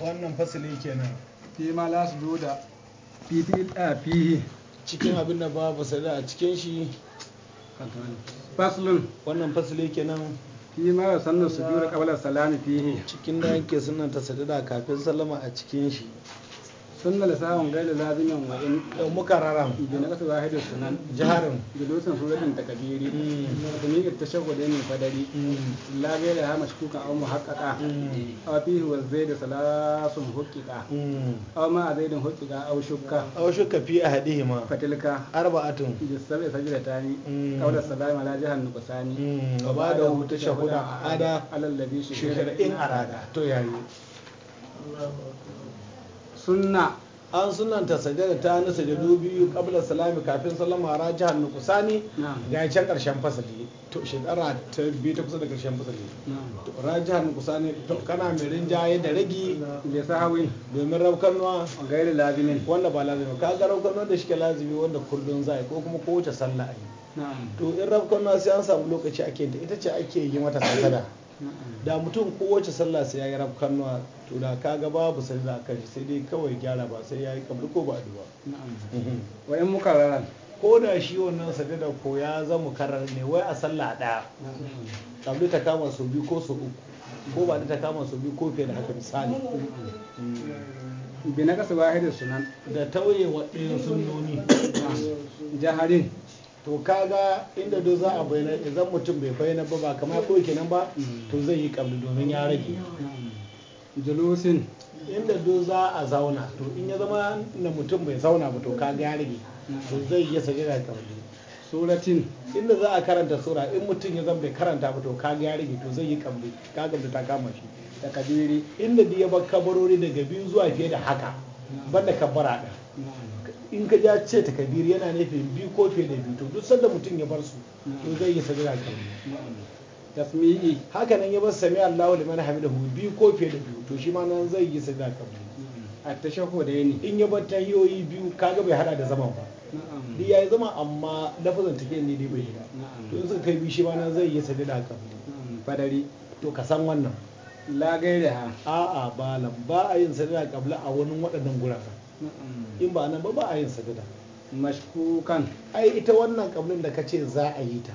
wannan fasali kenan fi ma la su da fi cikin abin da ba ba fasali a cikin shi fasilin wannan fasali kenan fi ma sannan su biyu da kabalar salami fi cikin da yake sunan ta sadada kafin salama a cikin shi sunna lisahun da lazimin wa in rara. da na kasu zahiri sunan jaharin bi dusan suratin takabiri da ni mm. ita shago mm. da min fadari la gaida ha kuka aw muhaqaqa mm. a fihi wa da salasun huqiqa aw ma da hukika a shukka a shukka fi ahadihima fatilka arba'atun bi sab'i sajdatani qawla salama la jahan nuqsani wa ba'dahu A ada alal shi shahida in arada to yayi sunna an sunanta sajada ta na sajadu biyu kabla salami kafin sallama rajihar nukusani ga can karshen fasali to shekara ta biyu ta kusa da karshen fasali to rajihar nukusani to kana mai rinjaye da ragi da sahawi domin raukanuwa gairi lazimin wanda ba lazimi ka ga raukanuwa da shike lazimi wanda kullum za ko kuma kowace sallah a yi to in raukanuwa sai an samu lokaci ake ta ita ce ake yi mata sajada da mutum kowace sallah sai ya yi rafkanuwa, to da ka ga babu sallah kan shi sai dai kawai gyara ba sai ya yi kamar ko ba addu'a wayan in ko da shi wannan sajada ko ya zama karar ne wai a sallah ɗaya kabli ta kama sau biyu ko sau uku ko ba ta kama sau biyu ko fiye da haka misali bi na kasa wahidin sunan da tauye wa ɗayan sunnoni jaharin to kaga inda duk za a bayyana idan mutum bai bayyana ba ba kamar ko kenan ba to zai yi kabli domin ya rage julusin inda duk za a zauna to in ya zama na mutum bai zauna ba to kaga ya rage to zai iya sajada kabli suratin inda za a karanta sura in mutum ya zama bai karanta ba to kaga ya rage to zai yi kabli kaga ta kama shi da kabiri inda da ya bar kabarori daga biyu zuwa fiye da haka banda kabara ɗaya in ka ya ce ta kabir yana nufin biyu ko fiye da biyu to duk sanda mutum ya bar su to zai yi sajada kabir tasmi'i haka nan ya bar sami Allahu liman hamidahu biyu ko fiye da biyu to shi ma nan zai yi a kan a tashahu da yini in ya bar tahiyoyi biyu kaga bai hada da zaman ba duk yayi zama amma lafazin take ne dai bai yi to in suka kai biyu shi ma nan zai yi sajada kan fadari to ka san wannan la gaira a'a ba ba a yin a kabla a wani waɗannan guraren in ba nan ba ba a yin sajada mashkukan ai ita wannan kablin da kace za a yi ta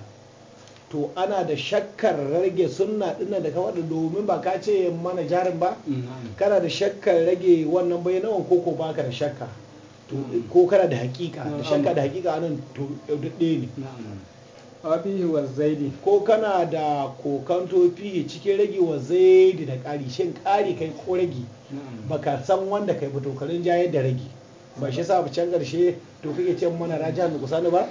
to ana da shakkar rage sunna dinnan da ka domin ba ka ce mana jarin ba mm, kana da shakkar rage wannan bai bayanan koko baka da shakka mm. ko kana da hakika da shakka da hakika nan to ɗaya ne abihi wa zaidi ko kana da kokanto tofi cikin ragi wa zaidi da ƙari shin ƙari kai ko ragi baka san wanda kai ba tokarin karin jaye da ragi ba shi sa can garshe to kake ce mana raja mu kusa ba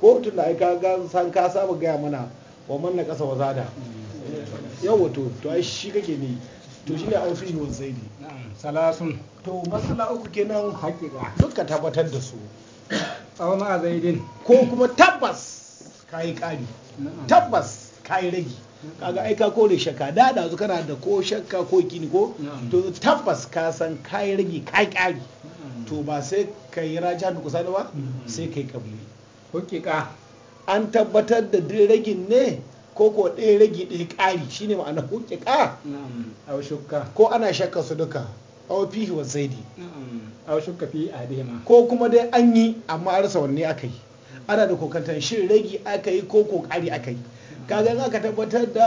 ko tun da ai ka ga san ka saba gaya mana wa man na kasa wazada zada mm. yawa to to ai shi kake ne to shine an fi wa zaidi salasun to masala uku kenan hakika duka tabbatar da su a ma zaidin ko kuma tabbas kayi ƙari tabbas kayi ragi kaga aika ko da shakka da da kana da ko shakka ko kini ko to tabbas ka san kayi ragi ka ƙari to ba sai ka yi raja da kusa ba sai kai kabli ka an tabbatar da dai ragin ne ko ko ɗaya ragi ɗaya ƙari shine ma'ana hakika a shakka ko ana shakka su duka aw fihi wa zaidi aw shakka fi adema ko kuma dai an yi amma rasa wanne aka yi ana da kokantan shin ragi aka yi ko kokari aka yi kaga in aka tabbatar da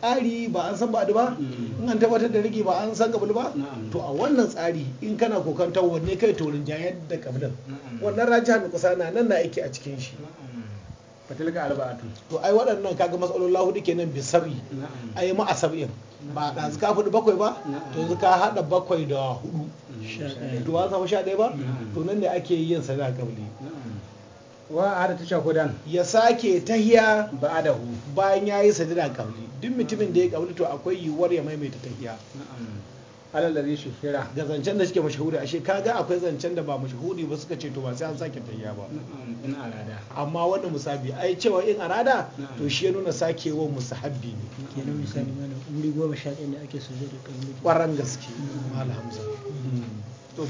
ƙari ba an san ba ba in an tabbatar da rigi ba an san kabul ba to a wannan tsari in kana kokantar wanne kai taurin jayar yadda kabilun wannan raja mai kusa na nan na aiki a cikin shi fatilka arba'atu to ai waɗannan kaga matsalolin hudu kenan bi sab'i ai ma a sab'in ba da ka fudu bakwai ba to yanzu ka hada bakwai da hudu to ba samu sha ɗaya ba to nan ne ake yin sadaka kabli wa ada ta shahudan ya sake tahiya ba da hu bayan ya yi sadira kauli duk mutumin da ya kauli to akwai yiwuwar ya maimaita tahiya alal da zai ga zancen da suke mashahuri ashe kaga akwai zancen da ba mashahuri ba suka ce to ba sai an sake tahiya ba in arada amma wanda musabi ai cewa in arada to shi ya nuna sakewar musahabbi ne kenan misali mana wuri goma sha ɗaya ne ake so zai da kabli kwaran gaske mm. to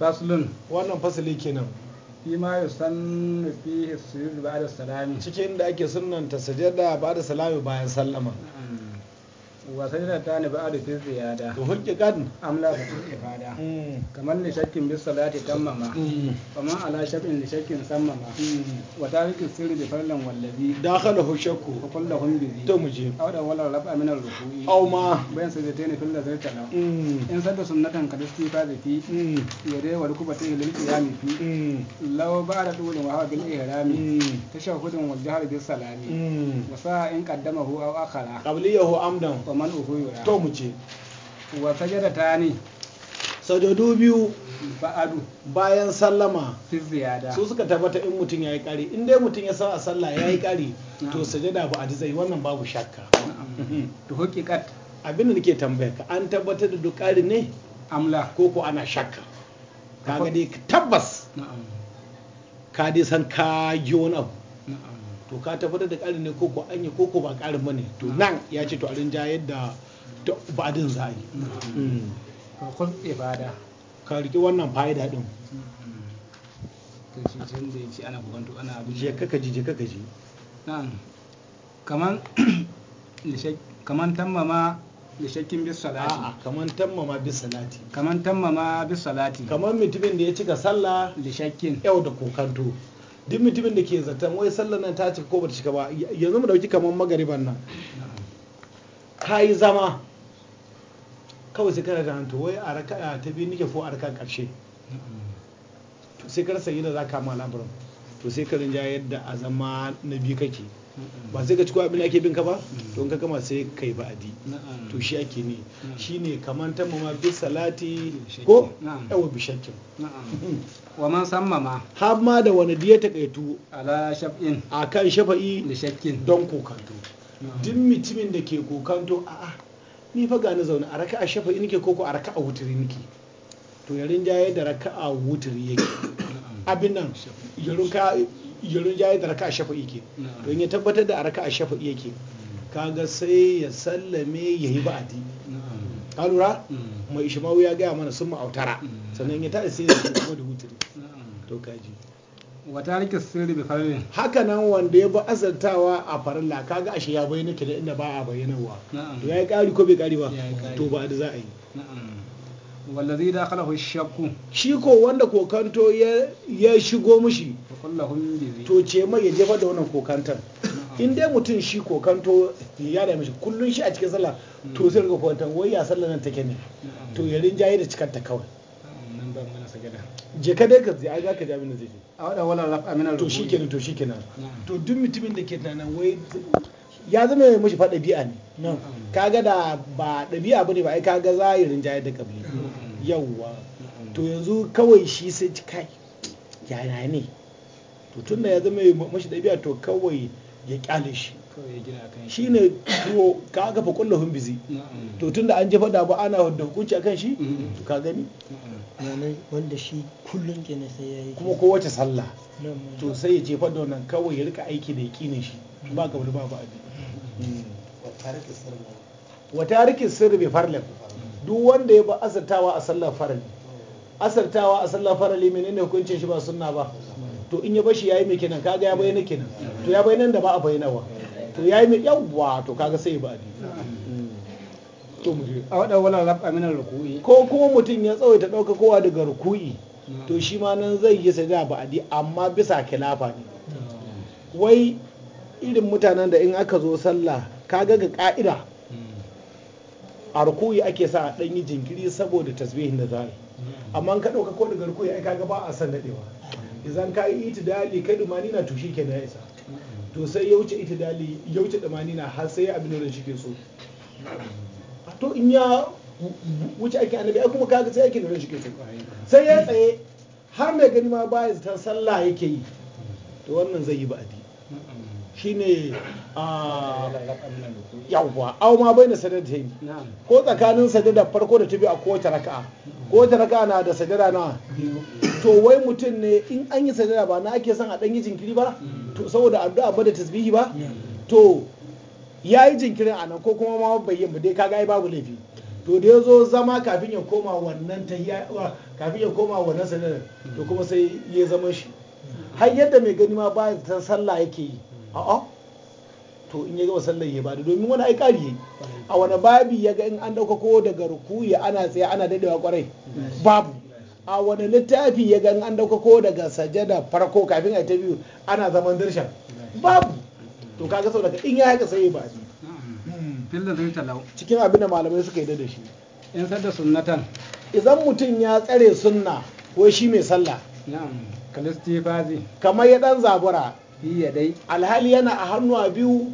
fasulun wannan fasali kenan fi fima yusannu fihi sujud da salami cikin da ake sunnanta sujada da salami bayan sallama mm. wasaidar ta ne ba'adu fi ziyada to hujja kan amla fi ifada hmm. kamar li shakkin bis salati tammama hmm. kamar ala shakkin li shakkin sammama hmm. wa tariki sirri bi farlan wallazi dakhalahu shakku wa kullahum bi to muje aw da wala rab'a min ar-ruku'i aw ma bayan sajdatayni fil ladhi tala in sadda sunnatan kad da fi yare wa rukubati lil qiyami fi law ba'da dulun wa bil ihrami tashahhudun wal jahr bis salami wa sa'a in qaddamahu aw akhara qabliyahu amdan man uku to mu ce wa sajada ta ne sajadu biyu ba'adu bayan sallama su suka tabbata in mutum ya yi kari in dai mutum ya san a sallah ya yi kari to sajada ji zai wannan babu shakka to hakikat abin da nake tambaya ka an tabbatar da duk kari ne amla ko ko ana shakka kaga dai tabbas ka dai san ka ji wani abu to ka tabbatar da ƙarin ne koko an yi koko ba ƙarin ba ne to nan ya ce to a rinja yadda badin za a yi ibada ka riƙe wannan fa'ida ɗin je kaka ji je kaka ji kaman kaman tammama da shakkin bis salati kaman tammama bis salati kaman tammama bis salati kaman mutumin da ya cika sallah da shakkin yau da kokanto duk mutumin da ke zaton wai sallar nan ta cika ko bata cika ba yanzu mu dauki kamar magariban nan ka yi zama kawai sai kana da hantu wai a raka ta biyu nike fo a raka karshe to sai ka sayi da za ka ma labarin to sai ka rinja yadda a zama na biyu kake ba sai ka ci abin da ake bin ka ba don mm. ka gama sai kai ba'adi to shi ake ne kamar ta tamama bi salati ko yawa bi shakkin wa man sammama har ma da wani diya takaitu ala shaf'in akan shafa'i da shakkin don kokanto duk mutumin da ke kokanto a'a ni fa ga zaune a raka'a shafa'i nake ko ko a raka'a wuturi nake to yarin jaye da raka'a wuturi yake abin nan yarin ka ya jaye da raka a shafa'i ke to ya tabbatar da a raka a shafa'i yake mm. kaga sai ya sallame ya yi ba'adi ka lura mm. mai ishmawu ya gaya mana sun ma'autara mm. sannan ya ta sai ya kuma da hutu to kaji wata rike sirri bi farin haka nan wanda ya bi azantawa a farilla kaga ashe ya bayyana ke da inda ba a bayyanawa to ya yi kari ko bai kari ba to ba da za a yi wallazi da shakku shi ko wanda kokanto ya shigo mushi to ce mai ya jefa da wannan kokantar in dai mutum shi kokanto ya da mishi kullun shi a cikin sallah hmm. to sai ga kokantar wai ya sallah nan take ne to ya yi da cikar ta kawai je ka dai ka je ai ka jami'in da zai a wada wala rafa amina to kenan to kenan to duk mutumin da ke tunanin wai ya zama mashi faɗa ɗabi'a ne kaga da ba ɗabi'a bane ba ai kaga za yi rinjaye da kabli mm-hmm. yawwa mm-hmm. to yanzu kawai shi sai ci kai yaya ne to tunda ya zama mashi ɗabi'a to kawai ya kyale shi shi ne tuwo ka aka fa hun bizi mm-hmm. to tunda an jefa da ba ana da hukunci akan shi to ka gani wanda shi kullum kenan sai ya yi kuma kowace sallah to sai ya jefa da wannan kawai ya rika aiki da yakinin shi ba wani ba ba abin Hmm. wa tariki sirri bi farlin duk wanda ya ba asartawa a sallar farali asartawa a sallar farali menene hukuncin shi ba sunna ba to in ya bashi yayi mai kenan kaga ya bayyana kenan to ya bayyana da ba a bayyana wa to yayi mai ba to kaga sai ba hmm. to mu a wada wala rafa min ruku'i ko kuma mutum ya tsawaita dauka kowa daga ruku'i to shi ma nan zai yi sajada ba adi amma bisa kilafa ne hmm. wai irin mutanen da in aka zo sallah kaga ga ka'ida a rukuyi ake sa a ɗanyi jinkiri saboda tasbihin da za amma ka ɗauka ko daga rukuyi ai kaga ba a san daɗewa idan ka yi dali kai dumani na tushe ke na isa to sai ya wuce dali ya wuce dumani na har sai abin da shi ke so to in ya wuce ake annabi ai kuma kaga sai ake da shi ke so sai ya tsaye har mai gani ma ya ta sallah yake yi to wannan zai yi ba'adi shine yawwa aw ma bai na yi ko tsakanin da farko da ta biyu a kowace raka kowace raka na da sadara na to wai mutum ne in an yi sadara ba na ake son a ɗan yi jinkiri ba hmm. to saboda addu'a ba da tasbihi ba hmm. to ya yi jinkirin a nan ko kuma ma bai yi dai kaga ai babu laifi to da ya zo zama kafin ya koma wannan ta kafin ya koma wannan to kuma sai ya zama shi hmm. har yadda mai gani ma ba sallah yake yi a'a to in ya gama sallar ya bada domin wani ai ƙari a wani babi ya ga in an ko daga rukuya ana tsaye ana dadewa kwarai babu a wani littafi ya ga in an ko daga sajada farko kafin a ta biyu ana zaman dirshan babu to kaga sau daga in ya haka sai ya ba cikin abin da malamai suka yi da shi in sadda sunnatan idan mutum ya tsare sunna ko shi mai sallah kalistifazi kamar ya dan zabura fi yadai alhali yana a hannuwa biyu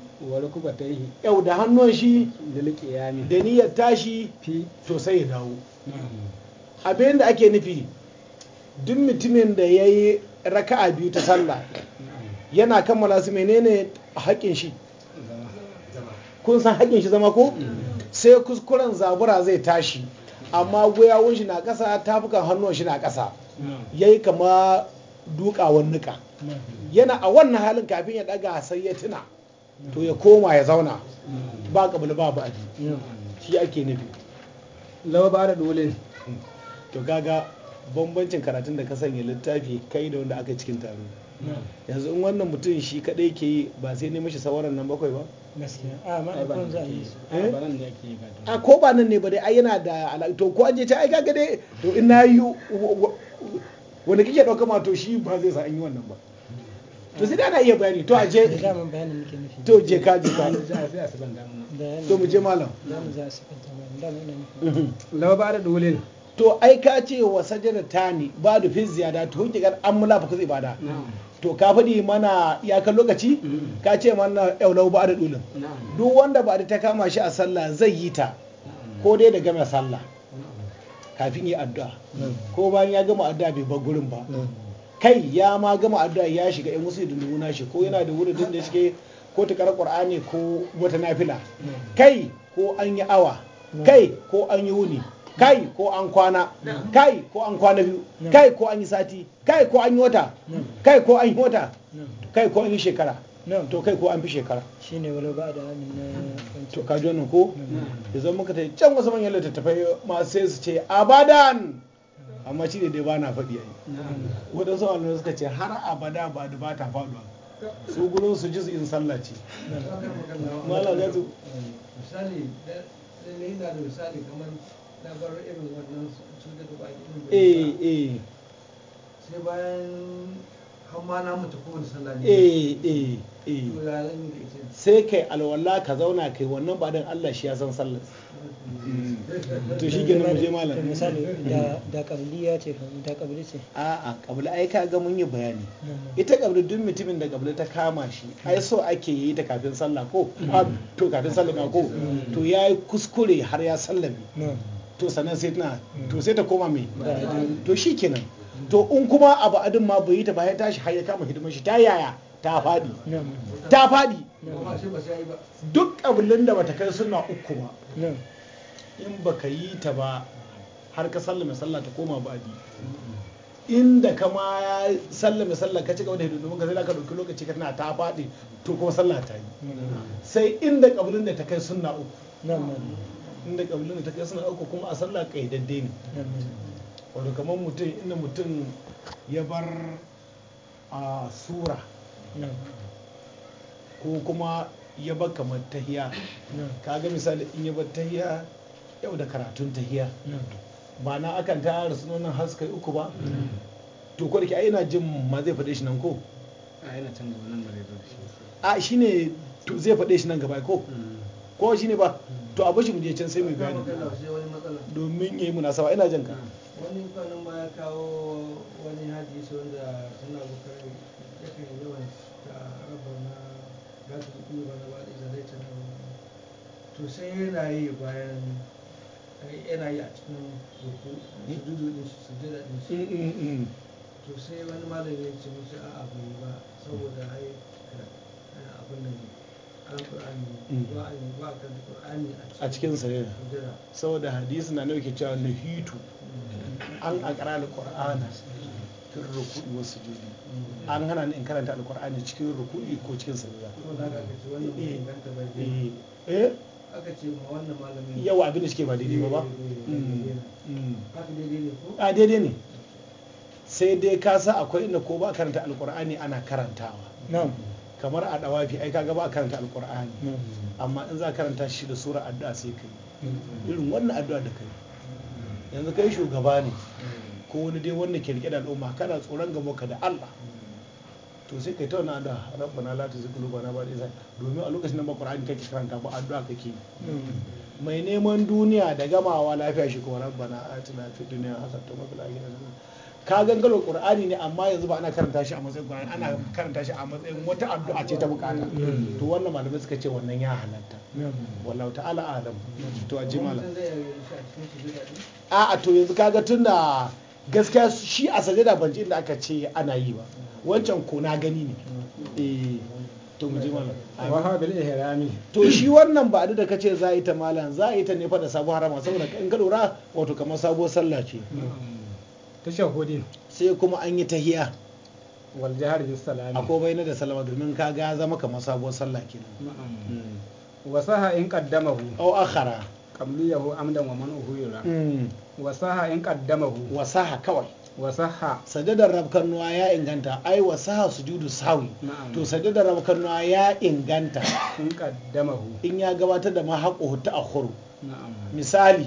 ta yi yau da hannuwan shi ya ne da niyyar tashi fi sosai ya dawo abin da ake nufi duk mutumin da ya yayi raka'a biyu ta sallah yana kammala su menene haƙin shi kun san haƙin shi zama ko mm. sai kuskuren zabura zai tashi amma gwayawun shi na ƙasa tafukan hannun shi na ƙasa ya yi kama dukawan nika hmm. yana a wannan halin kafin ya daga sai ya tuna hmm. to ya koma ya zauna hmm. ba kabul ba ba shi ake nufi lawa ba da dole to gaga bambancin karatun da ka sanya littafi kai da wanda aka cikin taro yanzu in wannan mutum shi kadai ke yi ba sai ne mishi sawaran nan bakwai ba a ko ba nan ne ba dai ai yana da to ko an je ta ai gaga dai to in na yi wanda kike ɗauka ma to shi ba zai sa an yi wannan ba to sai da ana iya bayani to a je to je ka je ka to mu je malam lawa ba da dole to ai ka ce wa sajada tani ba da fi ziyada to amala an mulafa ibada to ka faɗi mana ya kan lokaci ka ce mana yaulau ba da ne. duk wanda ba da ta kama shi a sallah zai yi ta ko dai da game sallah kafin ya addu'a hmm. ko bayan ya gama addu'a bai bar gurin ba hmm. kai ya ma gama addu'a ya shiga in wasu dundumu nashi ko yana da wuri da shike ko ta kar qur'ani ko wata nafila hmm. kai ko an yi awa kai ko an yi wuni kai ko an kwana kai ko an kwana biyu kai ko an yi sati kai ko an yi kai ko an yi wata kai ko an yi shekara nan to kai ko an fi shekara shine wala ba da na to ka wannan ko da zama muka tai can wasu manyan littattafai ma sai su ce abadan amma shi ne dai ba na faɗi ai waɗansu malamai suka ce har abada ba da ba ta faɗuwa su gurin su ji su in sallah ce malam ga su misali ne na da misali kamar na bar irin wannan cutar da ba irin eh, eh. sai bayan Eh, eh, eh. sai kai alwala ka zauna kai wannan ba dan Allah shi ya san sallar hmm. to shi kenan muje malam misali da ya ce da kabili ce a'a kabili ai ka ga mun yi bayani hmm. ita kabili duk mutumin da kabili ta kama shi ai so ake yi ta kafin sallah ko hmm. ah, to kafin sallah ko to yayi kuskure har ya sallame to sannan sai tana to sai ta koma mai to shi kenan to in kuma abu adin ma bai yi ta bayan tashi har ya kama hidimar shi ta yaya ta faɗi ta faɗi duk abulin da bata kai suna uku ba in baka yi ta ba har ka sallame sallah ta koma ba ba'adi inda kama ya sallame sallah ka ci gaba da hidindumin ka sai ka ɗauki lokaci ka tana ta faɗi to kuma sallah ta yi sai inda kabulin da ta kai suna uku inda kabulin da ta kai suna uku kuma a sallah kaidadde ne wadda kamar mutum inda mutum ya bar a sura ko kuma ya bar kamar tahiya kaga misali in ya bar tahiya yau da karatun tahiya ba na akan ta nan haska uku ba to ko da ke yana jin ma zai faɗe shi nan ko a yana can gaba nan ba zai shi a shine to zai faɗe shi nan gaba ko ko shine ba to a bashi mu je can sai mai bayani domin yayi munasaba ina jin ka hmm. wani kwanan ba ya kawo wani hadisi wanda suna bukari ya kan yawan ta raba na gata kuma ba na ba da zai ta to sai yana yi bayan yana yi a cikin ruku sujudu din shi sujuda din shi mm, mm, mm. to sai wani malami ya ce musu a abu ba saboda hai kada abin nan ne a cikin sa saboda hadisi na nauke cewa na nuhitu an ƙara Alƙur'ana fil ruku'i wasu sujudi an hana in karanta Alƙur'ani cikin rukuɗi ko cikin sujada eh. eh? yau abin da suke ba daidai ba ba eh, hmm. hmm. a ah, daidai ne sai dai kasa akwai inda ko ba karanta Alƙur'ani ana karantawa kamar a ɗawafi ai kaga ba a karanta Alƙur'ani. amma in za karanta shi da sura addu'a sai kai hmm. irin wannan addu'a da kai yanzu kai shugaba ne ko wani dai wanda ke rike da al'umma kana tsoron gaba ka da Allah to sai kai tauna da rabbana la tuzigh bana ba dai domin a lokacin nan ba qur'ani kake karanta ba addu'a kake mai neman duniya da gamawa lafiya shi ko rabbana atina fid dunya hasanatan wa fil akhirati ka gangalo qur'ani ne amma yanzu ba ana karanta shi a matsayin qur'ani ana karanta shi a matsayin wata addu'a ce ta bukata to wannan malamai suka ce wannan ya halatta wallahu ta'ala alam to aje malam a a to yanzu kaga tunda gaskiya shi a sajada ban ji inda aka ce ana yi ba wancan ko na gani ne eh to mu ji malam wa bil ihrami to shi wannan ba da kace za ta malam za ta ne fa da sabuwar harama saboda in ka lura wato kamar sabuwar sallah ce ta shahudi sai kuma an yi tahiya wal jihar bis salami akwai bayyana da salama domin ka ga zama kamar sabuwar sallah kenan mm. wasaha in qaddamahu aw akhara qabliyahu amdan wa man uhira mm. wasaha in qaddamahu wasaha kawai wasaha sajadar rabkan nuwa ya inganta ai wasaha sujudu sawi to sajadar rabkan nuwa ya inganta in qaddamahu in ya gabatar da mahaqu ta akhuru misali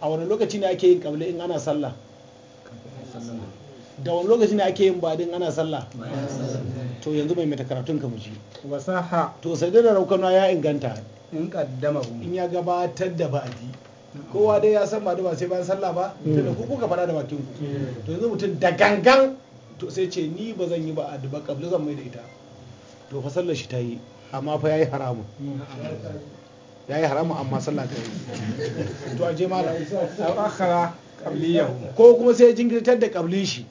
a wani lokaci ne ake yin qabli in ana sallah da wani lokaci ne ake yin badin ana sallah to yanzu mai mata karatun ka muji wasaha to sai da raukana ya inganta in kaddama in ya gabatar da badi kowa dai ya san ba ba sai bayan sallah ba mm. tunda ku kuka fara da bakin ku to yanzu mutum da gangan to sai ce ni ba zan yi ba ba'adi ba kabli zan mai da ita to fa sallar shi ta yi amma fa yayi haramun yayi haramun amma sallah ta yi to aje malam akhara qabliyahu ko kuma sai jinkirtar da kablin shi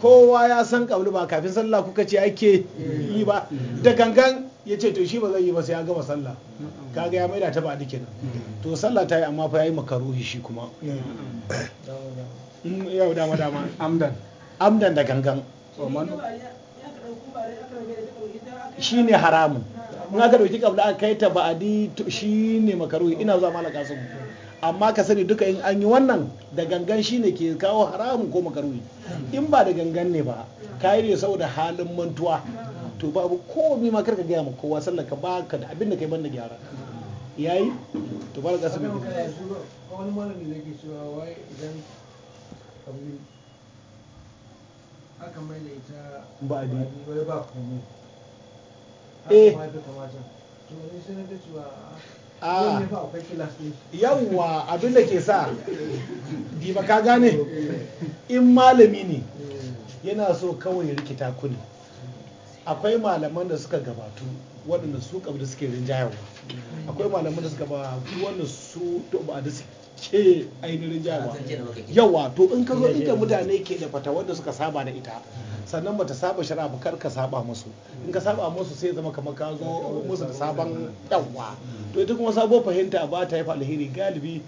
kowa ya san kabli ba kafin sallah kuka ce ake yi ba mm. Mm. da gangan ya ce to shi ba zai yi ba sai ya gama sallah kaga ya maida ta ba duke nan mm. to sallah ta yi amma fa ya yi makaruhi shi kuma yau dama dama amdan amdan da gangan shi ne haramun in aka dauki kabla aka kai ta ba'adi shi ne makaruhi ina zuwa malaka sun amma ka sani duka in an yi wannan da gangan shine ke kawo haramun ko makaruhi in ba da gangan ne ba ka yi ne saboda halin mantuwa to babu komi ma karka gaya ma kowa sallar ka baka da abin da kai banda gyara yayi to ba ga sabi wani malami da ke cewa wai idan aka mai da ita ba a ba komai eh to ne sai na ga cewa a ah. yawwa abin da ke sa diba ka gane in malami ne yana so kawai rikita kuni akwai malaman da suka gabatu waɗanda su kabda suke rinjayawa akwai malaman da suka gabatu wanda su ba da suke ainihin rinjayarwa yawa to in ka zo inda mutane ke da fata wanda suka saba da ita sannan bata saba shara ba kar ka saba musu in ka saba musu sai zama kamar ka zo musu da sabon yawa to ita kuma sabo fahimta ba ta yi alheri galibi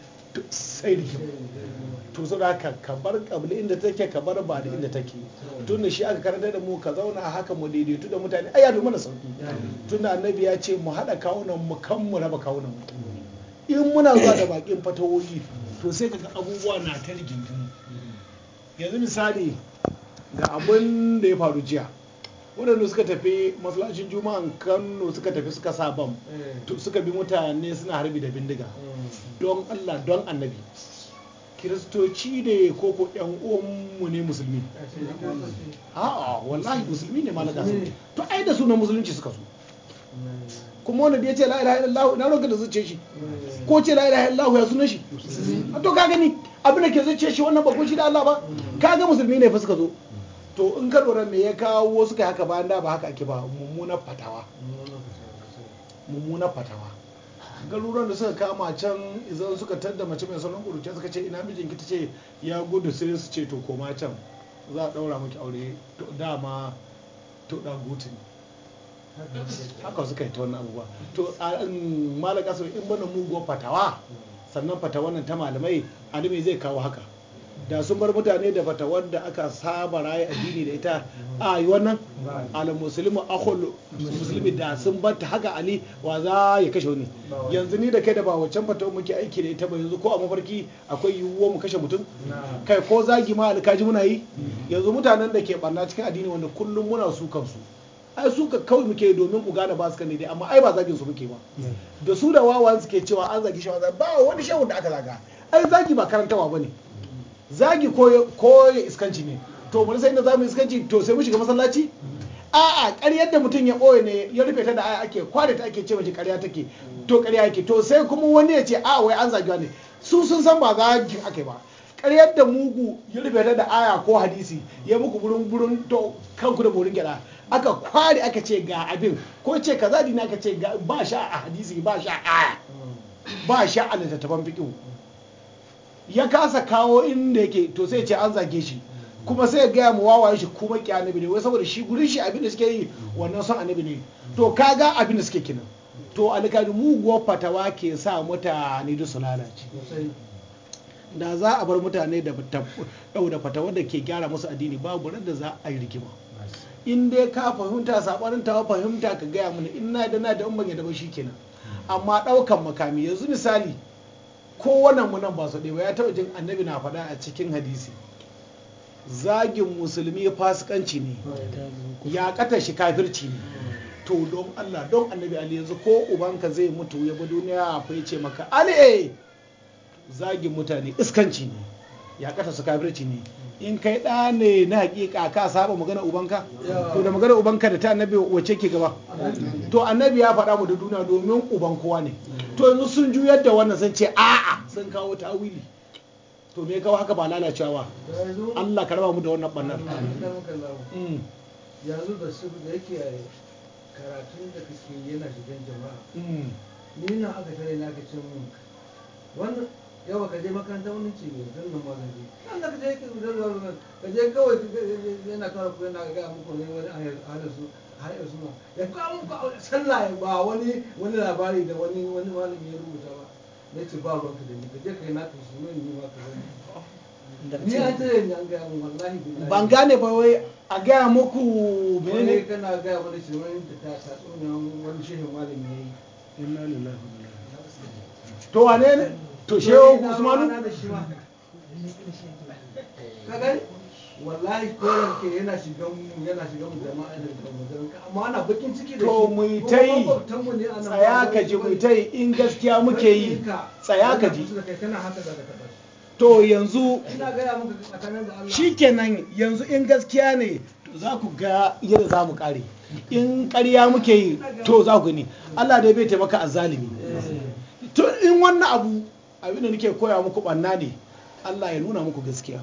sai rikin to su da ka kabar kabli inda take kabar ba da inda take tun da shi aka karanta da mu ka zauna haka mu daidaitu da mutane ai ya domin da sauki tun da annabi ya ce mu haɗa kawunan mu kan mu raba kawunan mu in muna zuwa da bakin fatawoyi to sai ka ga abubuwa na ta yanzu misali ga abin da ya faru jiya waɗanda suka tafi masallacin juma'an kano suka tafi suka sa bam eh. suka bi mutane suna harbi da bindiga hmm. don allah don annabi kiristoci ne ko ko yan uwanmu ne musulmi eh, a'a wallahi musulmi ne malaka su eh. to ai da sunan musulunci suka zo. Hmm. kuma wanda da ya ce la ilaha illallah na roƙa da zuce shi hmm. ko ce la ilaha illallah ya sunan shi to ka gani abin da ke zuce shi wannan ba shi da Allah ba kaga musulmi ne fa suka zo to in ka lura me ya kawo suka haka ba da ba haka ake ba mummunar fatawa mummunar fatawa garuruwan da suka kama can izan suka tadda mace mai sauran kuruciya suka ce ina mijinki ta ce ya gudu sai su ce to koma can za a daura miki aure to dama to da gutun haka suka yi ta wannan abubuwa to a malaka sau in bana muguwar fatawa sannan fatawa nan ta malamai alimi zai kawo haka da sun bar mutane da fata wanda aka saba raye addini da ita a yi wannan al-muslimu akhul muslimi da sun bar ta haka ali wa za ya kashe wani yanzu ni da kai da ba wancan fata muke aiki da ita ba yanzu ko a mafarki akwai yiwuwa mu kashe mutum kai ko zagi ma alkaji muna yi yanzu mutanen da ke barna cikin addini wanda kullum muna su kansu ai su ka kawai muke domin ku gane ba su kan dai amma ai ba zagin su muke ba da su da wawan suke cewa an zagi shi ba wani shehu da aka zaga ai zagi ba karantawa ba ne zagi ko ya iskanci ne to mu sai inda za mu iskanci to sai mu shiga masallaci a'a ƙaryar da mutum ya ɓoye ne ya rufe ta da aya ake kwada ta ake ce mace ƙarya take to ƙarya yake to sai kuma wani ya ce a wai an zagi ne su sun san ba zagin ake ba ƙaryar da mugu ya rufe ta da aya ko hadisi ya muku burin burin to kanku da burin gyada aka kware aka ce ga abin ko ce kaza dina aka ce ba sha a hadisi ba sha a ba sha a littattafan fiƙin ya kasa kawo inda yake to sai ce an zage shi kuma sai ya gaya mu wawaye shi kuma ki annabi ne wai saboda shi gurin shi abin da suke yi wannan son annabi ne to kaga abin da suke kinan to alƙali muguwa fatawa ke sa mutane da su lalace da za a bar mutane da dau da fatawa da ke gyara musu addini babu da za a yi rigima in dai ka fahimta sabanin ta fahimta ka gaya mana in na da na da in ban yadda ba shi kenan amma ɗaukan makami yanzu misali kowannan mu nan ba su ba ya taɓa jin annabi na faɗa a cikin hadisi zagin musulmi fasikanci ne ya kata shi kafirci ne to don Allah don annabi Ali yanzu ko ubanka zai mutu ya bi duniya fai ce maka Ali zagin mutane iskanci ne ya kata su kafirci ne in kai ɗa ne na hakika ka saba magana ubanka to da magana ubanka da ta annabi wace ke gaba to annabi ya faɗa mu da duniya domin uban kowa ne to yanzu sun juyar da wannan sun ce a'a sun kawo tawili to me kawo haka ba lalacewa Allah ka raba mu da wannan bannar mm. yanzu da su da yake karatun da kake yana shigan jama'a mm. ni na aka tare na kace mun wannan yawa ka je makaranta wani ce ne zan nan mazan je da ka je ka je kawai yana kawo ku yana ga muku ne wani ahir su har yanzu ma ya kawo muku sallah ba wani wani labari da wani wani malami ya rubuta ba ne ce ba ruwanka da ni ka je kai naka su ne ni ma ka zama ni an tare ni an gaya mun wallahi billahi ban gane ba wai a gaya muku menene kana gaya wani shi wani ta ta tsunan wani shehin malami yayi inna lillahi wa inna ilaihi to wane ne to shehu usmanu kaga wallahi koren ke yana shiga mu yana shiga mu jama'a da kamar amma ana bakin ciki da to mu ta tsaya ka ji mu ta in gaskiya muke yi tsaya ka ji to yanzu shikenan yanzu in gaskiya ne za ku ga yadda za mu kare in ƙarya muke yi to za ku ne? Allah dai bai taimaka a zalimi eh. to in wannan abu abin da nake koya muku banna ne Allah ya nuna muku gaskiya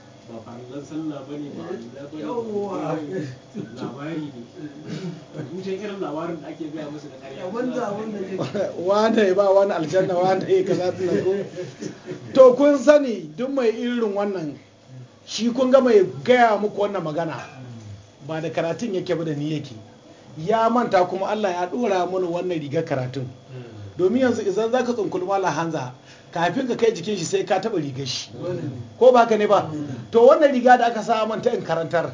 ba farillan sallah ba eh? ne ba yawwa labari ne wucin irin labarin da ake gaya musu da ƙarya wanda wanda ya ba wani aljanna wane ya kaza tunan ko to kun sani duk mai irin wannan shi kun ga mai gaya muku wannan magana ba da karatun yake ba da ni yake ya manta kuma Allah ya dora mana wannan rigar karatun hmm. domin yanzu idan zaka tsunkuli mala hanza kafin ka kai jikin shi sai ka taba rigar shi ko ba ka ne ba to wannan riga da aka sa manta in karantar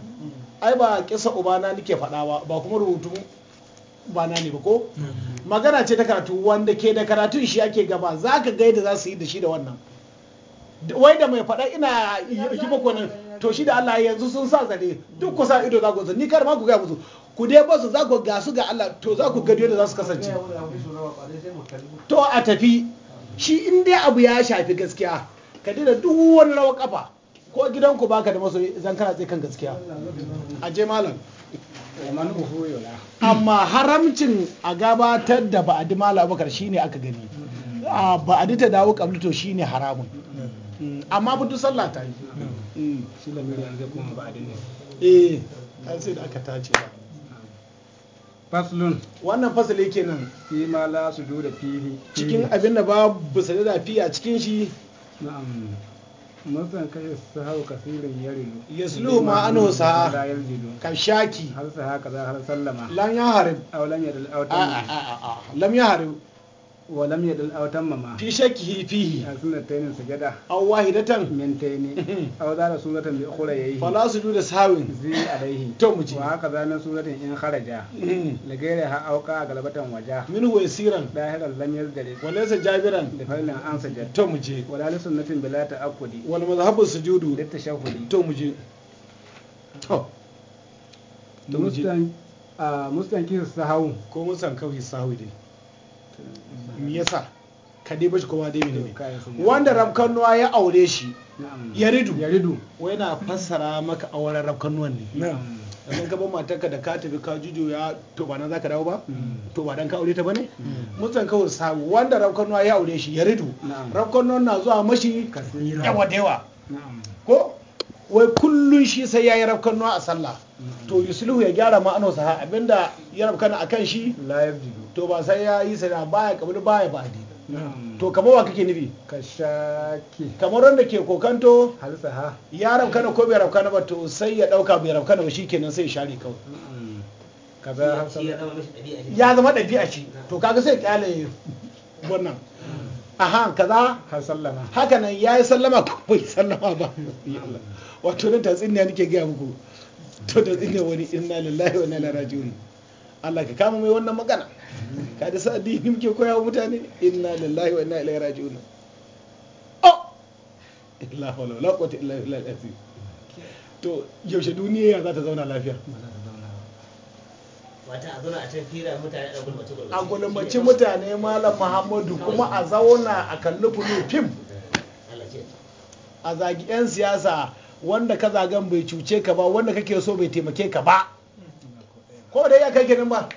ai ba kisa ubana nake faɗa ba ba kuma rubutu na ne ba ko magana ce ta karatu wanda ke da karatun shi ake gaba za ka ga yadda za su yi da shi da wannan wai da mai faɗa ina yi ba kwanan to shi da Allah yanzu sun sa zare duk ku sa ido za ku ni kar ma ku gaya musu ku dai ba su za ku gasu ga Allah to za ku gado yadda za su kasance to a tafi shi in dai abu ya shafi gaskiya ka dina duk wani rawa kafa ko gidanku baka da masoyi zan kana tsaye kan gaskiya a je malam amma haramcin a gabatar da ba'adi malam abubakar shine aka gani a ba'adi ta dawo kabli to shine haramun mm, amma bin duk sallah ta yi mm. shi lamirin ga kuma ba'adi ne eh an sai da aka tace ba faslun wannan fasali kenan fi ma la su da fili. cikin abin da babu su da fi a cikin shi na'am musan ka yasahu kasirin yarilu yasluhu ma ano sa ka shaki har sa haka za har sallama lam ya harib aw lam dal aw lam ya harib Wa lamye dal'autan ma ma. Kishakifi. A sunan Tainin su jada. A wu wa hiditan. Mintai ne. A wani za ta yayi. Wala su su hawi. Zai iya arahi. To mu Wa haka za ta sanin sunan ƴan kharaja. Da hmm. gere ha'auka a galabatan waje. Min wai tsiren. Da hira na lamyar da rai. Wa Da fannin an sa jar. To mu je. Wala ne su na fin bila ta afu de. Wani maza To mu A musan kai su Ko musan kai su dai. me yasa ka shi kowa dai ne. wanda nuwa ya aure shi ya ridu ya ridu wai na fassara maka auren nuwan ne yanzu ka bar matarka da ka tafi ka juju ya to ba nan zaka dawo ba mm. to ba dan ka aure ta bane mutan mm. kawai sabu wanda nuwa ya aure shi ya ridu nuwan na zuwa mashi yawa da yawa ko wai kullun shi sai ya yi nuwa a sallah mm. to yusluhu ya gyara ha abinda ya a kan shi la to ba sai ya yi sana baya kamar baya adi to kamar wa kake nufi shaki. kamar wanda ke kokanto ha. ya na ko bai na ba to sai ya dauka bai na ba shikenan sai ya share kawai ya zama ɗabi'a ce to kaga sai kyale wannan mm. aha kaza har sallama haka nan ya yi sallama ko bai sallama ba wato nan tatsin ne nake gaya muku to da ne wani inna lillahi wa inna ilaihi raji'un Allah ka kama mai wannan magana ka da sa addini muke koya mutane inna lillahi wa inna ilaihi raji'un oh illa hawla wala quwwata illa billah aziz to yaushe duniya za ta zauna a gulmaci mutane malam muhammadu kuma a zauna a kalli bulu fim a zagi 'yan siyasa wanda ka zagan bai cuce ka ba wanda kake so bai taimake ka ba ko dai ya kai kenan ba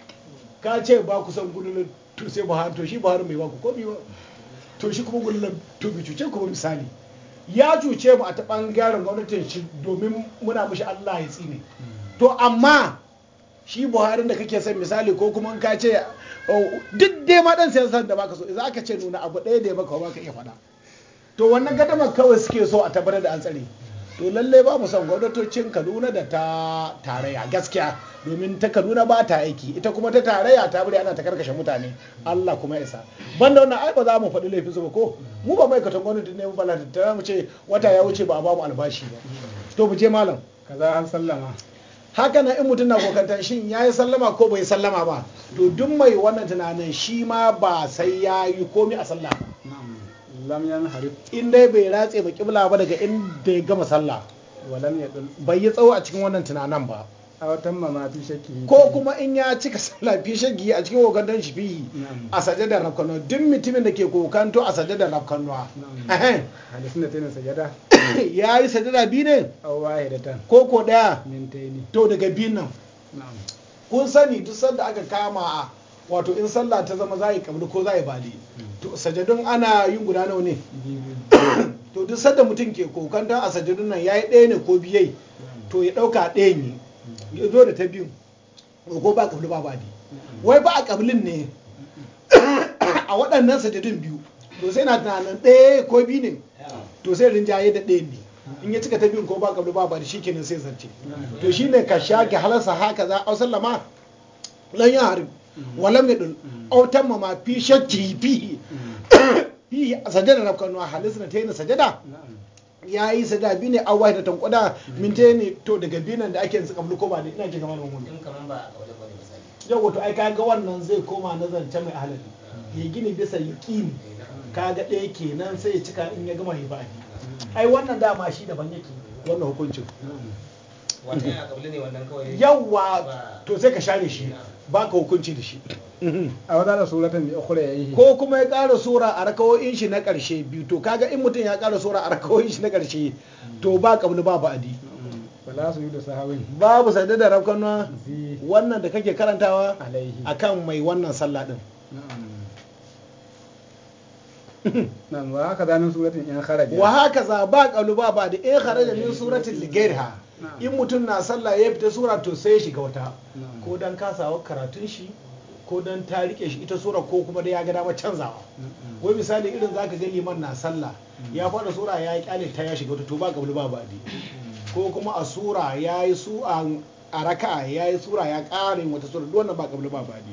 ka ce ba ku san gululun to sai buhari to shi buhari mai baku komi ba to shi kuma gudunar to bi cuce kuma misali ya cuce mu a ta bangaren gwamnatin shi domin muna mushi Allah ya tsine to amma shi buhari da kake son misali ko kuma ka ce oh, duk dai ma dan siyasa da baka so za ka ce nuna abu ɗaya da ya maka ba ka iya faɗa to wannan gadamar kawai suke so a tabbatar da an tsare to lalle ba mu son gwamnatocin kaduna da ta tarayya gaskiya domin ta kaduna ba ta aiki ita kuma ta tarayya ta bari ana ta karkashe mutane allah kuma isa banda wannan ai ba za mu faɗi laifin su ko mu ba ma'aikatan gwamnati ne ba ta mu ce wata ya wuce ba a ba mu albashi ba to mu je malam kaza an sallama haka na in mutum na kokantar shin ya yi sallama ko bai sallama ba to duk mai wannan tunanin shi ma ba sai ya yi komi a sallama lam yan harif in dai bai ratse ba kibla ba daga inda ya gama sallah walam ya bai yi tsawo a cikin wannan tunanan ba a watan mama fi shakki ko kuma in ya cika sallah fi shakki a cikin kokanton shi fi a saje da rafkano duk mutumin da ke kokanto a saje da rafkano hadisin da tana sajada ya yi sajada biyu ne ko ko daya to daga biyun nan kun sani duk sanda aka kama a wato in sallah ta zama za a yi kabli ko za a yi bali to sajadun ana yin guda nawa ne to duk sadda mutum ke kokanta a sajadun nan ya yi ɗaya ne ko biyai to ya ɗauka ɗaya ne ya zo da ta biyu ko ba kabli ba bali wai ba a kablin ne a waɗannan sajadun biyu to sai na tunanin ɗaya ko biyu ne to sai rinjaye da ɗaya ne in ya cika ta biyun ko ba kabli ba bali shikenan sai zance to shine ka shaki halarsa haka za a sallama lan ya harin wala mai dun mm. autan ma ma fi shakki fi mm. fi sajada na kanu halis na yi sajada ya yi sajada bi ne an wahi da tankwada mm. min to daga binan da ake yanzu kamar ko ba ne ina ji kamar mun yau wato ai kaga wannan zai koma na zance mai ahalari ya gini bisa yakin eh, kaga ɗaya kenan sai ya cika in ya gama hibadi ai wannan dama shi daban yake wannan hukuncin yawa to sai ka share shi ba ka hukunci da shi a wadana suratan da ya yi ko kuma ya ƙara sura a rakawoyin shi na ƙarshe biyu to kaga in mutum ya ƙara sura a rakawoyin shi na ƙarshe to ba kabli ba ba'adi wala babu sadda da rafkanwa wannan da kake karantawa akan mai wannan sallah din wa haka za suratin in kharaja wa haka za ba kalu ba ba da in kharaja min suratin ligairha in mutum na sallah ya fita sura to sai ya shiga wata ko dan kasawa karatun shi ko dan ta rike shi ita sura ko kuma da ya ga dama canzawa wai misali irin zaka ga liman na sallah ya fada sura ya kyale ta ya shiga wata to ba gabul ba badi ko kuma a sura ya yi su a raka ya yi sura ya ƙarin wata sura duk wannan ba gabul ba badi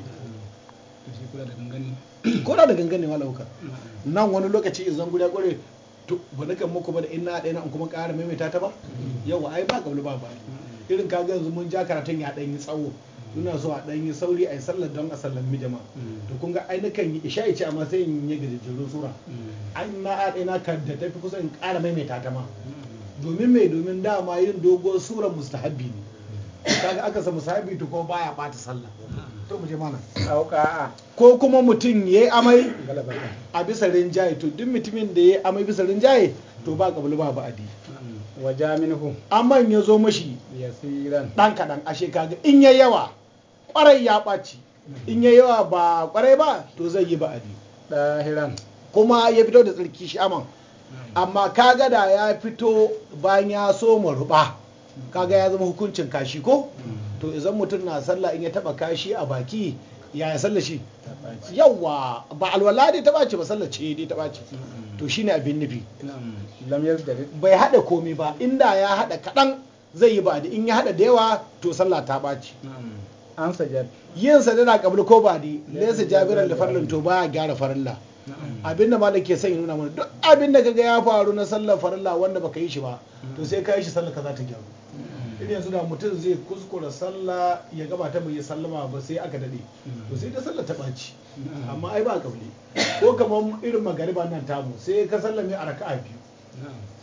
ko da da gangane wala nan wani lokaci izan guda kore to ba na kan muku ba da inna ɗaya in kuma ƙara maimaita ta ba yawa ai ba gaulu ba ba irin ka yanzu mun ja karatun ya ɗan yi tsawo nuna so a ɗan yi sauri a yi sallar don a sallami jama'a to kun ga ai kan yi isha ce amma sai in yi gajejjerun sura mm. an na a ɗaya na kan da tafi kusa in ƙara maimaita ta ma domin mai domin dama yin doguwar sura mustahabi ne kaga aka sa mustahabi to ko baya ɓata sallah ko kuma mutum ya yi amai a bisa rinjaye to duk mutumin da ya yi amai bisa rinjaye to ba kabul ba ba'adi wa An amman ya zo mashi yasiran dan kadan ashe kaga in ya yawa kwarai ya ɓaci in ya yawa ba kwarai ba to zai yi ba'adi ɗahiran kuma ya fito da tsarki shi aman hmm. amma kaga da ya fito bayan ya so maruba kaga ya zama hukuncin kashi ko hmm. to idan mutum na sallah in ya taba kashi a baki yaya sallah shi yawa ba alwala dai ta bace ba sallah ce dai ta bace to shine abin nufi bai hada komai ba inda ya hada kadan zai yi ba da in ya hada da yawa to sallah ta ɓaci. an sajad yin sadana kabul ko ba'adi laysa jabiran da farlin to baya gyara farilla abin da malam ke son ya nuna mana duk abin da kaga ya faru na sallar farilla wanda baka yi shi ba to mm. sai ka yi shi sallar ka za ta gyaru mm. in yanzu da mutum zai kuskura sallah ya gaba ta bai sallama ba sai aka dade to sai ta sallah ta ɓaci amma ai ba kabli ko kamar irin magariba nan tamu sai ka sallame a raka'a biyu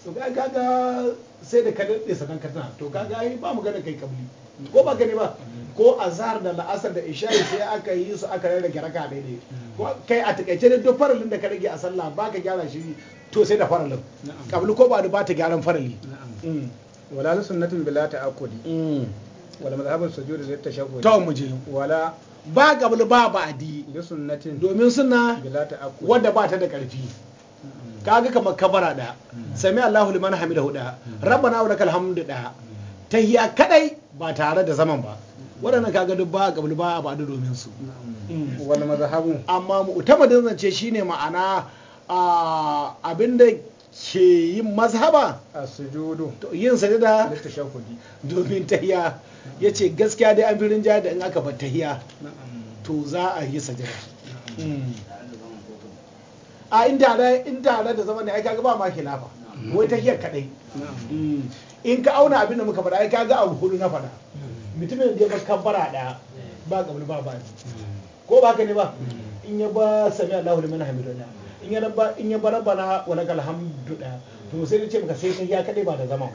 to ga kaga sai da ka dade sanan ka tana to kaga ai ba magana kai kabli ko ba gani ba ko azhar da la'asar da isha'i sai aka yi su aka rage raka daidai ko kai a takaice da duk faralin da ka rage a sallah ba ka gyara shi to sai da faralin kabli ko ba da ba ta gyaran farali wala sunnatin bila ta'akkudi mm. wala mazhabin sujud zai tashahhud to mu je wala ba gabal ba ba'di bi sunnatin domin sunna bila ta'akkudi wanda ba ta da karfi kaga kamar kabara da mm. sami Allahu liman hamidahu da mm. rabbana wa lakal hamdu da tahiya kadai ba tare da zaman ba Wadannan kaga duk ba gabal ba ba da domin su wala mazhabu amma mu'tamadin zance shine ma'ana ah, abinda ke yin mazhaba a sujudu yin da domin tahiya ya ce gaskiya dai an birin jaya da in aka bar tahiya to za a yi sajada hmm. a in tare da zama ne ai kaga ba ma khilafa wai tahiyar kadai hmm. in ka auna abin da muka faɗa ai kaga abu hudu na faɗa hmm. mutumin da ya bar kabbara daya ba kabul ba ba ko ba ka ne ba in ya ba sami Allahu liman hamidulillah in ya rabba in ya wa to sai da ce maka sai ta ya kaɗe ba da zaman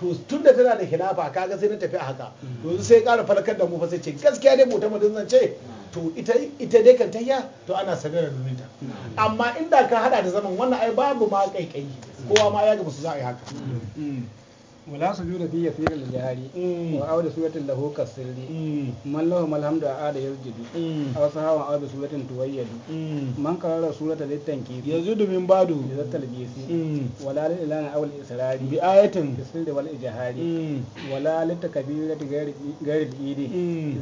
to tun da tana da khilafa kaga sai na tafi a haka to sai ƙara falakar da mu fa sai ce gaskiya dai mu ta mutum ce, to ita ita dai kan tayya to ana sanar da duninta amma inda ka hada da zaman wannan ai babu ma kai kai kowa ma ya ga musu za a yi haka mm. wala su juda fi yasirin da jihari mm. wa aw da suratin lahu kasirri mm. man lahu malhamdu a da yasjudu mm. aw sahawan aw da suratin tuwayyadu man qarara surata littan litanki yazudu min badu da talbisi wala lil ilana aw al israri bi ayatin bisirri wal ijhari wala lit takbirati ghairi idi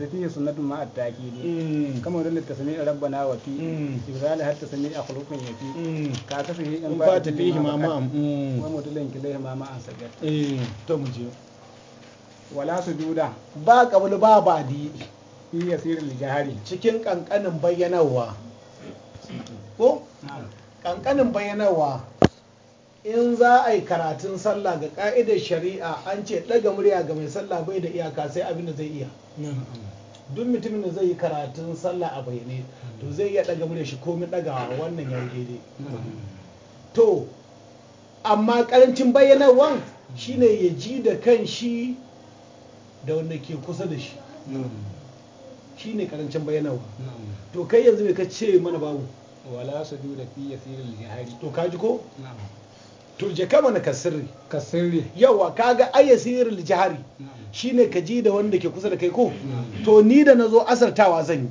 Fiye fi sunnatu ma at takidi kama dalla tasmi rabbana wa fi ibral hatta sami ya fi. ka kafi in ba ta fihi ma ma'am wa mudallan kilayhi ma ma'an sajjat eh. to mu je wala sujuda ba qablu ba di fi yasiril jahari cikin kankanin bayyanawa ko kankanin bayyanawa in za a yi karatun sallah ga ka'idar shari'a an ce daga murya ga mai sallah bai da iyaka sai abin da zai iya duk mutumin da zai yi karatun sallah a bayyane to zai iya daga murya shi komi daga wannan ya daidai to amma karancin bayyanawan shine ya ji da kan shi da wanda ke kusa da shi Shi ne karancin bayyanawa to kai yanzu me ka ce mana babu wala su da fi yasirin lihari to kaji ko to je kama na kasirri kasirri yawa kaga sirri yasirin jihari ne ka ji da wanda ke kusa da kai ko to ni da nazo asartawa zan yi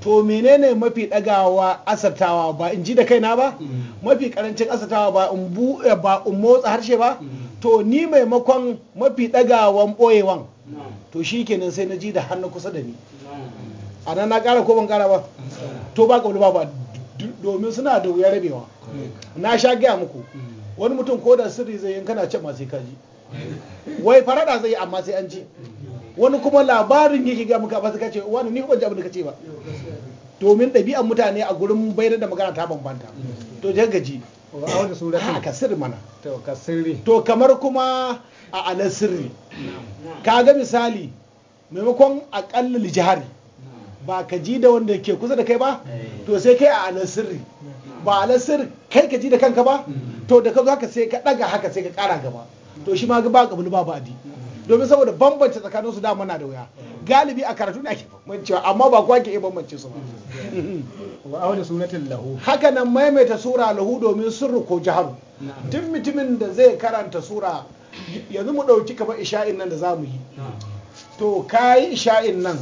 to menene mafi dagawa asartawa ba in ji da kaina ba mm. mafi karancin asartawa ba in motsa harshe ba mm. to ni maimakon mafi ɗagawan ɓoyewan to shi kenan sai na ji da hannu kusa da ni a nan na ƙara ko ban ƙara ba to ba ƙauli ba domin suna da wuyar rabewa na sha gaya muku mm. wani mutum ko da sirri zai yin kana ce masu kaji wai farada zai yi amma sai an ji wani kuma labarin yake ga muka ba su kace wani ni ban ji abin da kace ba domin ɗabi'an mutane a gurin bayar da magana ta bambanta mm. to jan gaji wa awda suratin mana to to kamar kuma a alasirri ga misali maimakon aƙalla lijihari ba ka ji da wanda ke kusa da kai ba eh. to sai kai a alasirri ba alasir kai ka ji da kanka ba mm. to da ka zo haka sai ka daga haka sai ka kara gaba to shi ma ga ba kabul ba ba'adi domin saboda bambance tsakanin su dama na da wuya galibi a karatu ne ake bambancewa amma ba kowa ke iya bambance su ba haka nan maimaita sura lahu domin sirru ko jaharu duk mutumin da zai karanta sura yanzu mu ɗauki kama isha'in nan da za mu yi to ka yi isha'in nan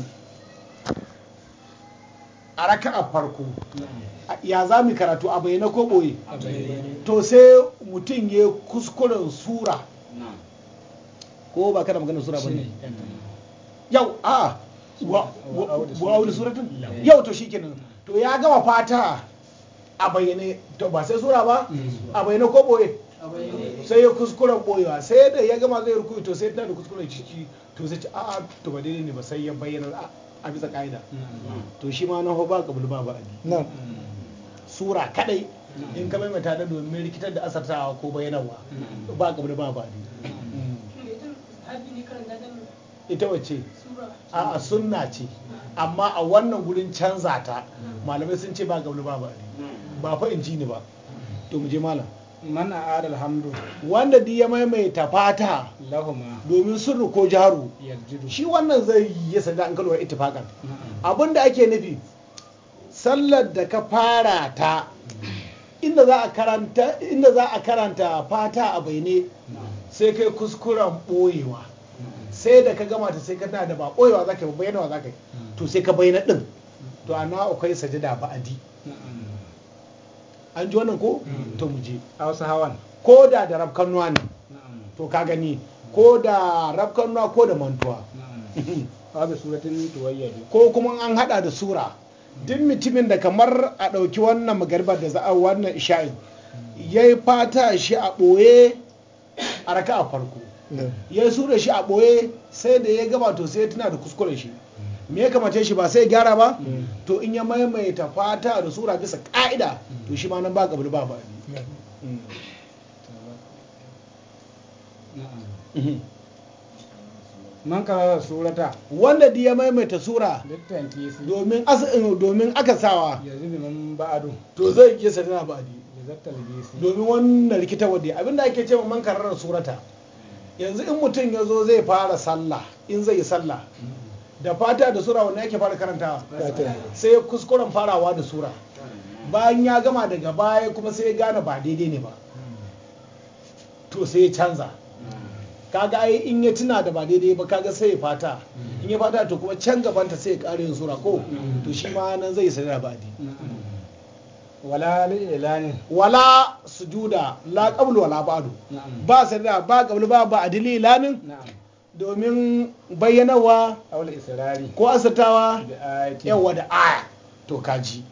a raka a farko ya za mu karatu a bayyana ko boye to sai mutum ya kuskuren sura ko ba kana magana sura bane yau a wa wani suratun yau to shikenan to ya gama fata a bayyane to ba sai sura ba mm. a bayyane ko boye sai ya kuskuren boyewa sai da ya gama zai rukuyi to sai ta da kuskuren ciki to sai a a to ba daidai ne ba sai ya bayyana a bisa ka'ida mm. to shi ma na ba kabul ba ba abi mm. sura kadai in ka maimaita da domin rikitar da asartawa ko bayyanawa ba kabul ba ba abi ita wace a sunna ce amma a wannan gurin canza ta malamai sun ce ba gabli ba ba ba fa in ji ni ba to mu je malam mana adal alhamdu wanda di ya maimaita fata lahuma domin sirru ko jaru shi wannan zai yi sanda an kalwar ittifaqan abinda ake nufi sallar da ka fara ta inda za a karanta inda za a karanta fata a baine sai kai kuskuren boyewa sai da ka gama ta sai ka da ba koyewa za ka bayyana wa za ka yi mm. to sai ka bayyana din mm. to a na akwai sajada ba'adi an ji wannan ko mm. to mu je a wasu hawan ko da da rabkan nuwa ne to ka gani ko da rabkan nuwa ko da mantuwa tuwayya ko kuma an hada da sura duk mutumin da kamar a ɗauki wannan magariba da za'a wannan isha'in ya yi fata shi a ɓoye a raka a farko ya sura shi a ɓoye sai da ya gaba to sai tuna da kuskuren shi me ya kamace shi ba sai gyara ba to in ya maimaita fata da sura bisa ka'ida to shi ma nan ba kabul ba eh, ba man karara surata wanda ya maimaita sura domin domin aka sawa to zai kesa tana ba'adi domin wannan rikita wadda abinda ake ce man karara surata yanzu in mutum ya zo zai fara sallah in zai yi sallah da fata da sura wanda yake fara karantawa sai kuskuren farawa da sura bayan ya gama daga baya kuma sai ya gane ba daidai ne ba to sai ya canza kaga ai in ya tuna da ba daidai ba kaga sai ya fata in ya fata to kuma can gabanta sai ya ƙara yin sura ko to shi ma nan zai sai da badi wala sujuda la qablu wala ba'du ba sarda ba qablu ba ba adili lamin domin bayyanawa ko asatawa yawa da aya to kaji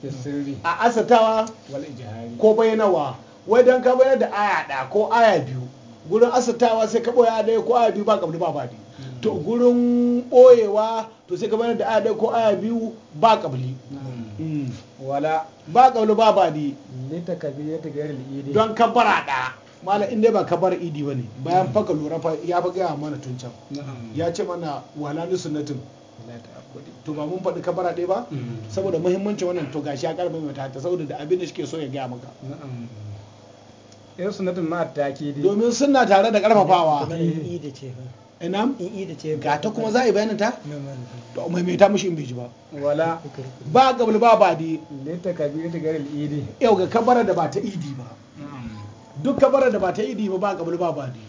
a asatawa ko bayyanawa wai dan ka bayyana da aya da ko aya biyu gurin asatawa sai ka boye aya ko aya biyu ba qablu ba ba'di to gurin ɓoyewa to sai kamar da aya ko aya biyu ba kabli hmm. hmm. wala ba kabli ba ne ta kabi ya tagayar idi don kabara da mala inda ba kabar idi bane bayan hmm. faka lura fa ya fa gaya mana tun can ya ce mana wala ni sunnatin to ba mun faɗi kabara ɗaya ba saboda muhimmancin wannan to gashi ya karɓi mai ta saboda da abin da shi ke so ya gaya maka irin sunnatin ma ta ke domin suna tare da karfafawa ina ga ta kuma za a yi bayanin ta to mai mai ta mushi in biji ba wala ba gabal ba ba di kabi ne ta gari idi yau ga kabara da ba ta idi ba duk kabara da ba ta idi ba ba gabal ba ba di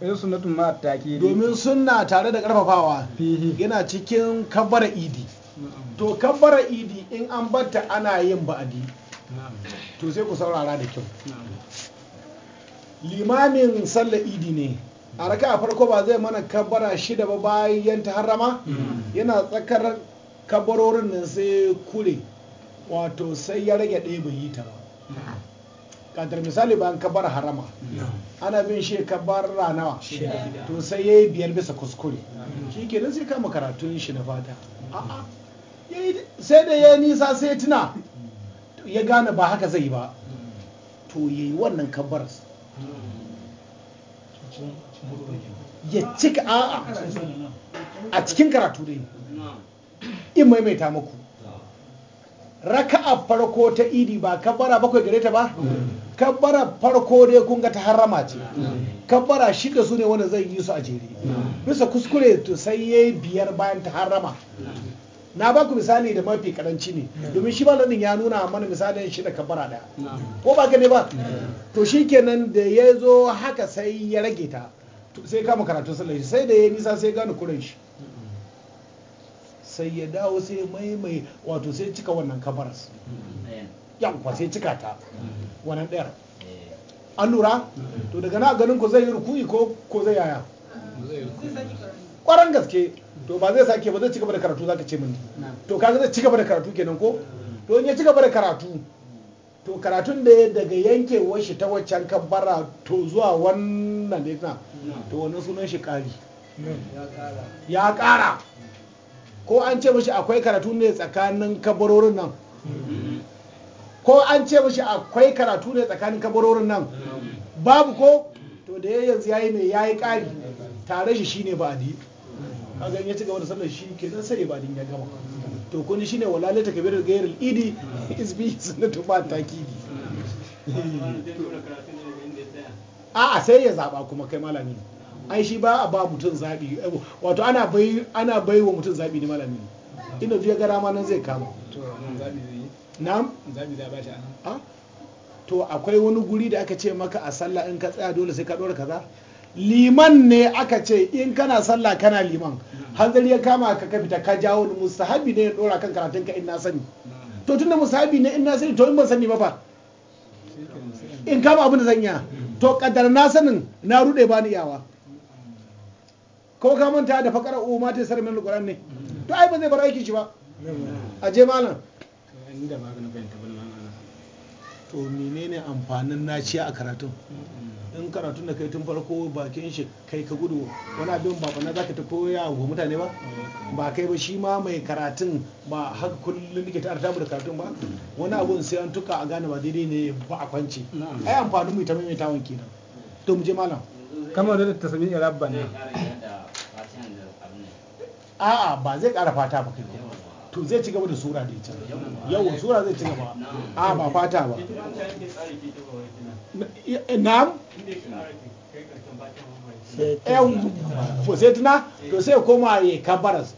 in sunnatun ma taki domin sunna tare da karfafawa yana cikin kabara idi to kabara idi in an batta ana yin ba adi to sai ku saurara da kyau limamin sallar idi ne a raka a farko ba zai mana kabbara shida ba bayan ta harama mm. yana tsakar kabbarorin nan sai kure wato sai ya rage ɗaya bai yi ta ba kadar misali bayan kabbara harama mm. ana bin shi kabbara nawa to sai ya yi biyar bisa kuskure mm. shi nan sai kama karatun shi na fata sai da ya nisa sai tuna ya gane ba haka zai ba to ya yi wannan kabbaras ya cika a'a a cikin karatu dai in maimaita muku raka'a farko ta idi ba kabbara bakwai gare ta ba kabbara farko dai kun ga ta harama ce kabbara shida su ne wanda zai yi su a jere bisa kuskure to sai ya biyar bayan ta harama na ba ku misali da mafi karanci ne domin shi malamin ya nuna mana misalin shi da kabbara daya ko ba ne ba to shi kenan da ya zo haka sai ya rage ta sai kama karatun sallar shi sai da ya nisa sai gane kuran shi sai ya dawo sai maimai wato sai cika wannan kabaras kwa sai cika ta wannan ɗayar an lura to daga na ganin ko zai yi rukuyi ko ko zai yaya kwaran gaske to ba zai sake ba zai cigaba da karatu za ka ce min to kaga zai cigaba da karatu kenan ko to in ya cigaba da karatu to karatun da ya daga yankewar shi ta waccan kabbara to zuwa wannan litna to wannan sunan shi ƙari ya ƙara ko an ce mashi akwai karatu ne tsakanin kabarorin nan ko an ce mashi akwai karatu ne tsakanin kabarorin nan babu ko to da ya yanzu yayi mai yayi ƙari tare shi shine ba a di kaga ya ci gaba da sallar shi kenan sai ba din ya gama to kun shine walale ta kabirar gairul idi isbi sunnatu ba takidi a'a sai ya zaba kuma kai malami ai shi ba a ba mutum zabi wato ana bai ana bai wa mutum zabi ne malami inda ya gara ma nan zai kama to nan zabi zai ba shi a ah? to akwai wani guri da aka ce maka a sallah in ka tsaya dole sai ka dora kaza liman ne aka ce in kana sallah kana liman hanzari ya kama ka ka fita ka jawo musahabi ne ya dora kan karatun ka in na sani to tunda musahabi ne ina na sani to in ban sani ba fa in kama abin da zan yi to kaddar na sanin na rude ba ni yawa ko ka manta da fakar umma ta sarmin alquran ne to ai ba zai bar aiki shi ba a je malam to menene amfanin naci a karatun in karatun da kai tun farko bakin shi kai ka gudu wani abin ba na zaka ta koya wa mutane ba ba kai ba shi ma mai karatun ba haka kullum nake ta arta da karatun ba wani abun sai an tuka a gane ba daidai ne ba a kwance ai amfanin mu ita mai tawon kenan to mu je malam kamar da ta sami ne. a'a ba zai kara fata ba kai to zai ci gaba da sura da ita yawon sura zai ci gaba a ba fata ba na'am yan fosetina to sai koma ya kabaras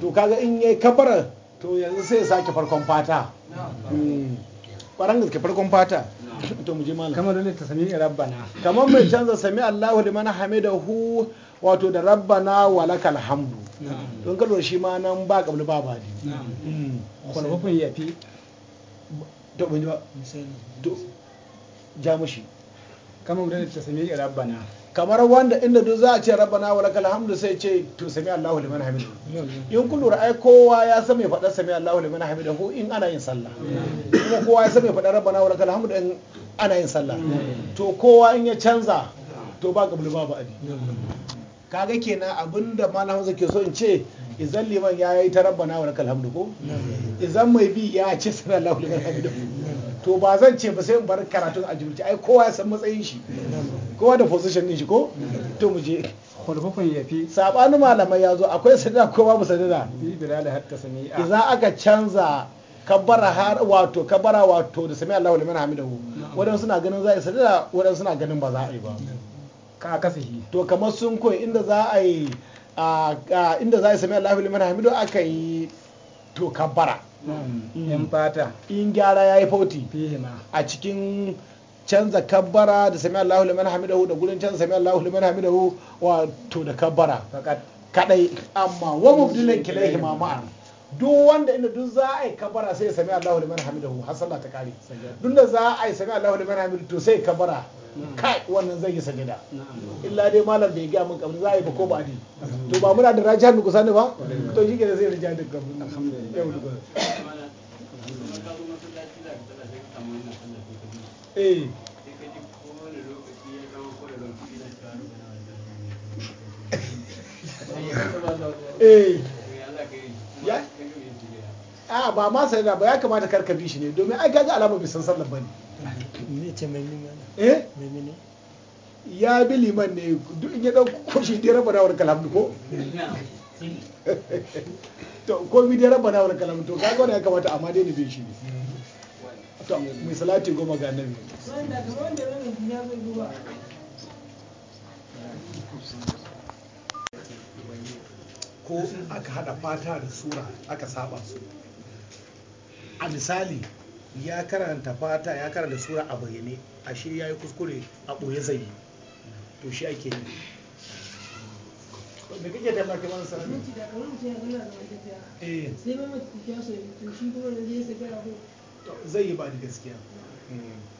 to kaga in ya kabaras to yanzu sai ya sake farkon fata hmm. ƙwarar gaske farkon fata to mu ji malam kamar dole ta sami rabbana kamar mai canza sami Allahu liman hamidahu wato da rabbana walakal hamdu don kalon shi ma nan ba kabli ba badi hukun mm. ya fi to ji ba ja mushi kamar da ta sami rabbana kamar wanda inda duk za a ce rabbana wa lakal hamdu sai ce to sami Allahu liman hamidu in kun lura ai kowa ya san mai faɗa sami Allahu liman hamidu ko in ana yin sallah kuma kowa ya san mai faɗa rabbana wa lakal hamdu in ana yin sallah to kowa in ya canza to ba kabli ba badi kaga kenan abinda malam Hamza ke so in ce idan liman ya yi ta na wa hamdu ko idan mai bi ya ce sana lahu lakal hamdu to ba zan ce ba sai in bar karatun ajibci ai kowa ya san matsayin shi kowa da position din shi ko to mu je kwalfafin ya fi sabanin malamai ya zo akwai sadada kowa ba sadada idan aka canza kabbara har wato kabbara wato da sami Allahu liman hamdu wadansu suna ganin za a yi sadada wadansu suna ganin ba za a yi ba ka akasihi to kamar sun koyi inda za a yi inda za a yi sami Allahu liman hamidu aka yi to kabbara in mm. mm. fata in gyara ya yi fauti a cikin canza kabbara da sami Allahu liman hamidu da gudun canza sami Allahu liman hamidu wato da kabbara kadai amma wa mubdilan kilaihi ma ma'an duk wanda inda duk za a yi kabbara sai ya sami Allahu liman hamidu hasala ta kare duk da za a yi sami Allahu liman hamidu to sai kabbara kai wannan zai yi sajada illa dai malam bai gaya min kabri za a yi ba ko ba adi to ba muna da raja mu kusa ne ba to shi ke zai raja da kabri eh eh ya Ah, ba ma sai ba ya kamata karkabi shi ne domin ai gaji alama bai san sallar bane eh ya bi liman ne duk in ya ɗauko shi dai rabana wal kalam ko to ko mi dai rabana wal kalam to kaga wannan ya kamata amma dai ni bin shi ne to mai salati goma ga annabi ko in aka hada fata da sura aka saba su a misali ya karanta fata ya karanta sura a bayyane a shi ya yi kuskure a ɓoye zai yi to shi ake yi da kake da maka wani sarari ne da kamar mutum ya gana da wani tafiya eh sai ma mutum ya so to shi kuma da zai sai gara ko zai yi ba da gaskiya mm. Mm.